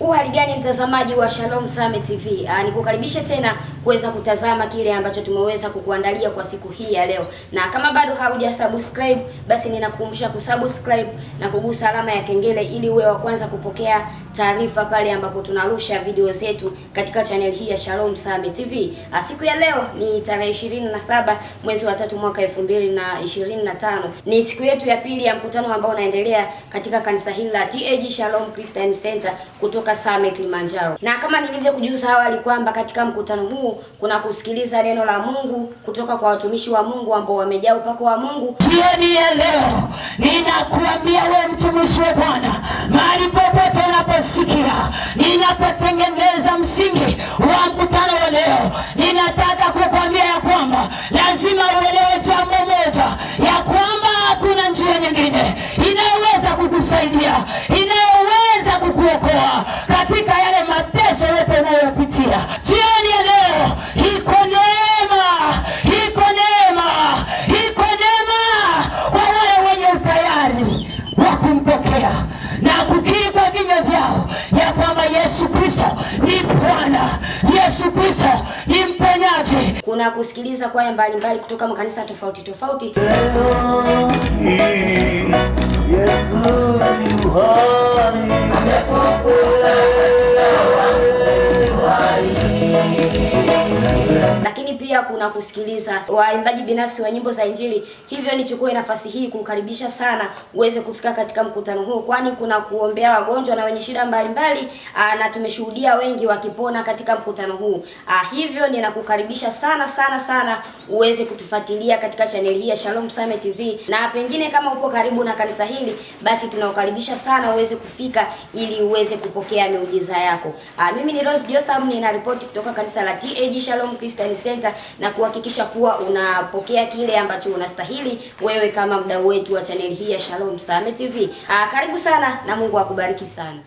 Uhali gani mtazamaji wa Shalom Same TV, ah, nikukaribishe tena kuweza kutazama kile ambacho tumeweza kukuandalia kwa siku hii ya leo, na kama bado hauja subscribe, basi ninakukumbusha kusubscribe na kugusa alama ya kengele ili uwe wa kwanza kupokea taarifa pale ambapo tunarusha video zetu katika channel hii ya Shalom Same TV. A, ah, siku ya leo ni tarehe 27 mwezi wa tatu mwaka 2025. Ni siku yetu ya pili ya mkutano ambao unaendelea katika kanisa hili la TAG Shalom Christian Center kutoka kutoka Same Kilimanjaro. Na kama nilivyokujuza awali kwamba katika mkutano huu kuna kusikiliza neno la Mungu kutoka kwa watumishi wa Mungu ambao wamejaa upako wa Mungu. Jioni ya leo ninakuambia we mtumishi wa Bwana, mahali popote unaposikia ninapotengeneza msingi wa mkutano wa leo, ninataka kukwambia ya kwamba lazima uelewe jambo moja, ya kwamba hakuna njia nyingine inayoweza kukusaidia Yesu Kristo ni Bwana, Yesu Kristo ni mpenyaji. Kuna kusikiliza kwaya mbalimbali kutoka makanisa tofauti tofauti. Leo hii Yesu kuna kusikiliza waimbaji binafsi wa nyimbo za Injili. Hivyo nichukue nafasi hii kukaribisha sana uweze kufika katika mkutano huu, kwani kuna kuombea wagonjwa na wenye shida mbalimbali, ah, na tumeshuhudia wengi wakipona katika mkutano huu. Ah, hivyo ninakukaribisha sana sana sana uweze kutufuatilia katika chaneli hii ya Shalom Same TV, na pengine kama upo karibu na kanisa hili, basi tunakukaribisha sana uweze kufika ili uweze kupokea miujiza yako. Ah, mimi ni Rose Jotham, ninaripoti kutoka kanisa la TAG Shalom Christian Center na kuhakikisha kuwa unapokea kile ambacho unastahili wewe kama mdau wetu wa chaneli hii ya Shalom Same TV. Aa, ah, karibu sana na Mungu akubariki sana.